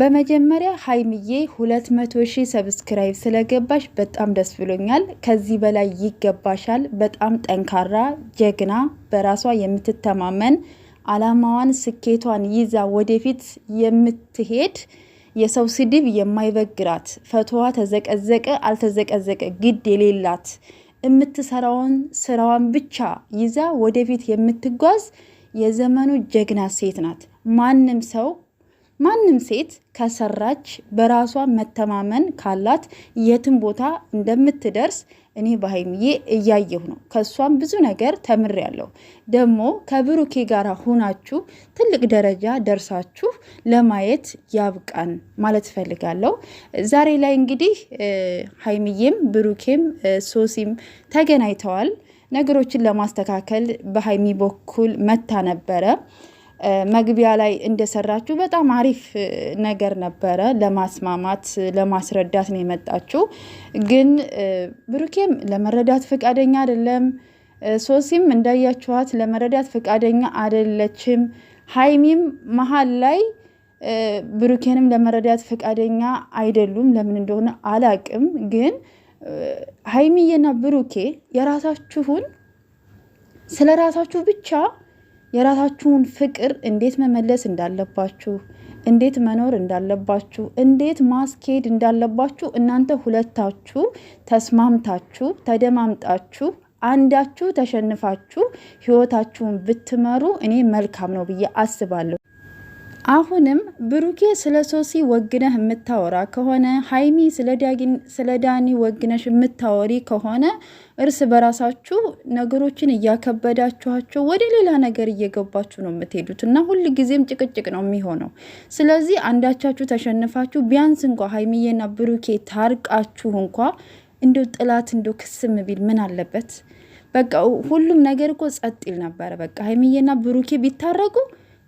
በመጀመሪያ ሀይምዬ ሁለት መቶ ሺ ሰብስክራይብ ስለገባሽ በጣም ደስ ብሎኛል። ከዚህ በላይ ይገባሻል። በጣም ጠንካራ ጀግና፣ በራሷ የምትተማመን አላማዋን ስኬቷን ይዛ ወደፊት የምትሄድ የሰው ስድብ የማይበግራት ፈቶዋ ተዘቀዘቀ አልተዘቀዘቀ ግድ የሌላት የምትሰራውን ስራዋን ብቻ ይዛ ወደፊት የምትጓዝ የዘመኑ ጀግና ሴት ናት። ማንም ሰው ማንም ሴት ከሰራች በራሷ መተማመን ካላት የትም ቦታ እንደምትደርስ እኔ በሀይሚዬ እያየሁ ነው። ከእሷም ብዙ ነገር ተምሬያለሁ። ደግሞ ከብሩኬ ጋር ሆናችሁ ትልቅ ደረጃ ደርሳችሁ ለማየት ያብቃን ማለት እፈልጋለሁ። ዛሬ ላይ እንግዲህ ሀይሚዬም ብሩኬም ሶሲም ተገናኝተዋል። ነገሮችን ለማስተካከል በሀይሚ በኩል መታ ነበረ መግቢያ ላይ እንደሰራችሁ በጣም አሪፍ ነገር ነበረ። ለማስማማት ለማስረዳት ነው የመጣችሁ። ግን ብሩኬም ለመረዳት ፈቃደኛ አይደለም። ሶሲም እንዳያችኋት ለመረዳት ፈቃደኛ አይደለችም። ሀይሚም መሀል ላይ ብሩኬንም ለመረዳት ፈቃደኛ አይደሉም። ለምን እንደሆነ አላቅም። ግን ሀይሚዬና ብሩኬ የራሳችሁን ስለ ራሳችሁ ብቻ የራሳችሁን ፍቅር እንዴት መመለስ እንዳለባችሁ፣ እንዴት መኖር እንዳለባችሁ፣ እንዴት ማስኬድ እንዳለባችሁ እናንተ ሁለታችሁ ተስማምታችሁ ተደማምጣችሁ አንዳችሁ ተሸንፋችሁ ህይወታችሁን ብትመሩ እኔ መልካም ነው ብዬ አስባለሁ። አሁንም ብሩኬ ስለ ሶሲ ወግነህ የምታወራ ከሆነ ሀይሚ ስለ ዳኒ ወግነሽ የምታወሪ ከሆነ እርስ በራሳችሁ ነገሮችን እያከበዳችኋቸው ወደ ሌላ ነገር እየገባችሁ ነው የምትሄዱት እና ሁል ጊዜም ጭቅጭቅ ነው የሚሆነው። ስለዚህ አንዳቻችሁ ተሸንፋችሁ ቢያንስ እንኳ ሀይሚዬና ብሩኬ ታርቃችሁ እንኳ እንደው ጥላት እንደው ክስም ቢል ምን አለበት? በቃ ሁሉም ነገር እኮ ጸጥ ይል ነበረ። በቃ ሀይሚዬና ብሩኬ ቢታረቁ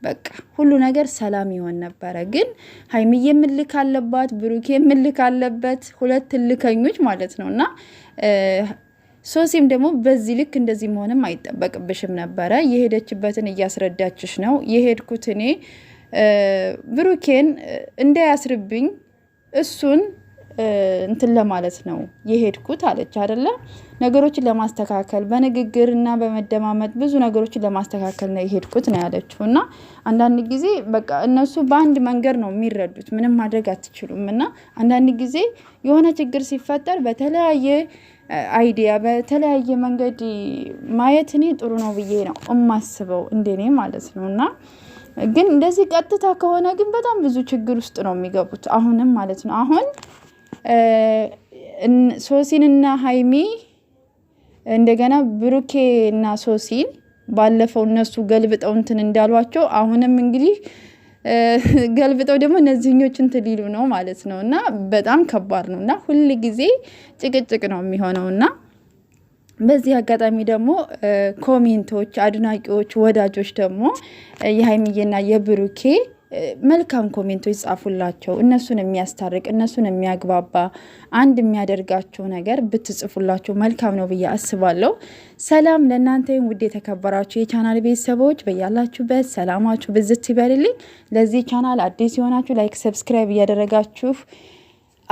በቃ ሁሉ ነገር ሰላም ይሆን ነበረ። ግን ሀይሚዬ ምልክ አለባት፣ ብሩኬ ምልክ አለበት፣ ሁለት ትልከኞች ማለት ነው እና ሶሲም ደግሞ በዚህ ልክ እንደዚህ መሆንም አይጠበቅብሽም ነበረ። የሄደችበትን እያስረዳችሽ ነው የሄድኩት እኔ ብሩኬን እንዳያስርብኝ እሱን እንትን ለማለት ነው የሄድኩት አለች አይደለ? ነገሮችን ለማስተካከል በንግግር እና በመደማመጥ ብዙ ነገሮችን ለማስተካከል ነው የሄድኩት ነው ያለችው። እና አንዳንድ ጊዜ በቃ እነሱ በአንድ መንገድ ነው የሚረዱት፣ ምንም ማድረግ አትችሉም። እና አንዳንድ ጊዜ የሆነ ችግር ሲፈጠር በተለያየ አይዲያ በተለያየ መንገድ ማየት እኔ ጥሩ ነው ብዬ ነው እማስበው እንደኔ ማለት ነው እና ግን እንደዚህ ቀጥታ ከሆነ ግን በጣም ብዙ ችግር ውስጥ ነው የሚገቡት አሁንም ማለት ነው አሁን ሶሲን እና ሀይሚ እንደገና ብሩኬ እና ሶሲን ባለፈው እነሱ ገልብጠው እንትን እንዳሏቸው አሁንም እንግዲህ ገልብጠው ደግሞ እነዚህኞች እንትን ሊሉ ነው ማለት ነው። እና በጣም ከባድ ነው እና ሁል ጊዜ ጭቅጭቅ ነው የሚሆነው እና በዚህ አጋጣሚ ደግሞ ኮሜንቶች፣ አድናቂዎች፣ ወዳጆች ደግሞ የሀይሚዬና የብሩኬ መልካም ኮሜንቶች ጻፉላቸው። እነሱን የሚያስታርቅ እነሱን የሚያግባባ አንድ የሚያደርጋቸው ነገር ብትጽፉላቸው መልካም ነው ብዬ አስባለሁ። ሰላም ለእናንተ ውድ የተከበራችሁ የቻናል ቤተሰቦች በያላችሁበት ሰላማችሁ ብዝት ይበልልኝ። ለዚህ ቻናል አዲስ የሆናችሁ ላይክ፣ ሰብስክራይብ እያደረጋችሁ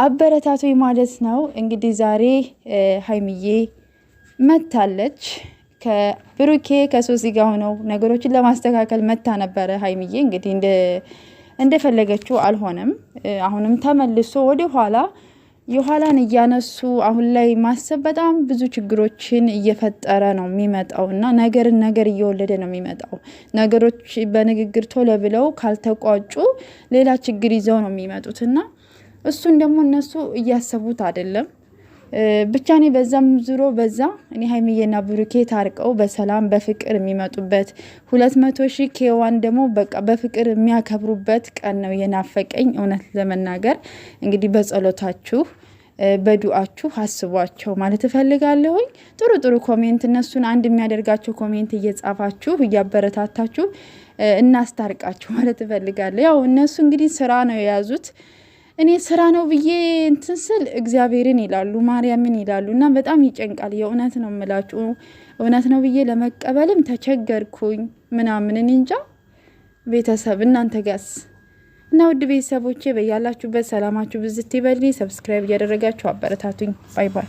አበረታቶ ማለት ነው። እንግዲህ ዛሬ ሀይሚዬ መታለች። ከብሩኬ ከሶሲ ጋር ሆነው ነገሮችን ለማስተካከል መታ ነበረ። ሀይሚዬ እንግዲህ እንደፈለገችው አልሆነም። አሁንም ተመልሶ ወደ ኋላ የኋላን እያነሱ አሁን ላይ ማሰብ በጣም ብዙ ችግሮችን እየፈጠረ ነው የሚመጣው እና ነገርን ነገር እየወለደ ነው የሚመጣው። ነገሮች በንግግር ቶሎ ብለው ካልተቋጩ ሌላ ችግር ይዘው ነው የሚመጡት እና እሱን ደግሞ እነሱ እያሰቡት አይደለም። ብቻ እኔ በዛም ዙሮ በዛ እኔ ሀይሚዬና ብሩኬ ታርቀው በሰላም በፍቅር የሚመጡበት ሁለት መቶ ሺ ኬዋን ደግሞ በቃ በፍቅር የሚያከብሩበት ቀን ነው የናፈቀኝ። እውነት ለመናገር እንግዲህ በጸሎታችሁ በዱአችሁ አስቧቸው ማለት እፈልጋለሁኝ። ጥሩ ጥሩ ኮሜንት እነሱን አንድ የሚያደርጋቸው ኮሜንት እየጻፋችሁ እያበረታታችሁ እናስታርቃችሁ ማለት እፈልጋለሁ። ያው እነሱ እንግዲህ ስራ ነው የያዙት እኔ ስራ ነው ብዬ እንትን ስል እግዚአብሔርን ይላሉ ማርያምን ይላሉ። እና በጣም ይጨንቃል። የእውነት ነው የምላችሁ። እውነት ነው ብዬ ለመቀበልም ተቸገርኩኝ ምናምንን እንጃ። ቤተሰብ እናንተ ጋስ እና ውድ ቤተሰቦቼ በያላችሁበት ሰላማችሁ ብዝት ይበልኝ። ሰብስክራይብ እያደረጋችሁ አበረታቱኝ። ባይ ባይ።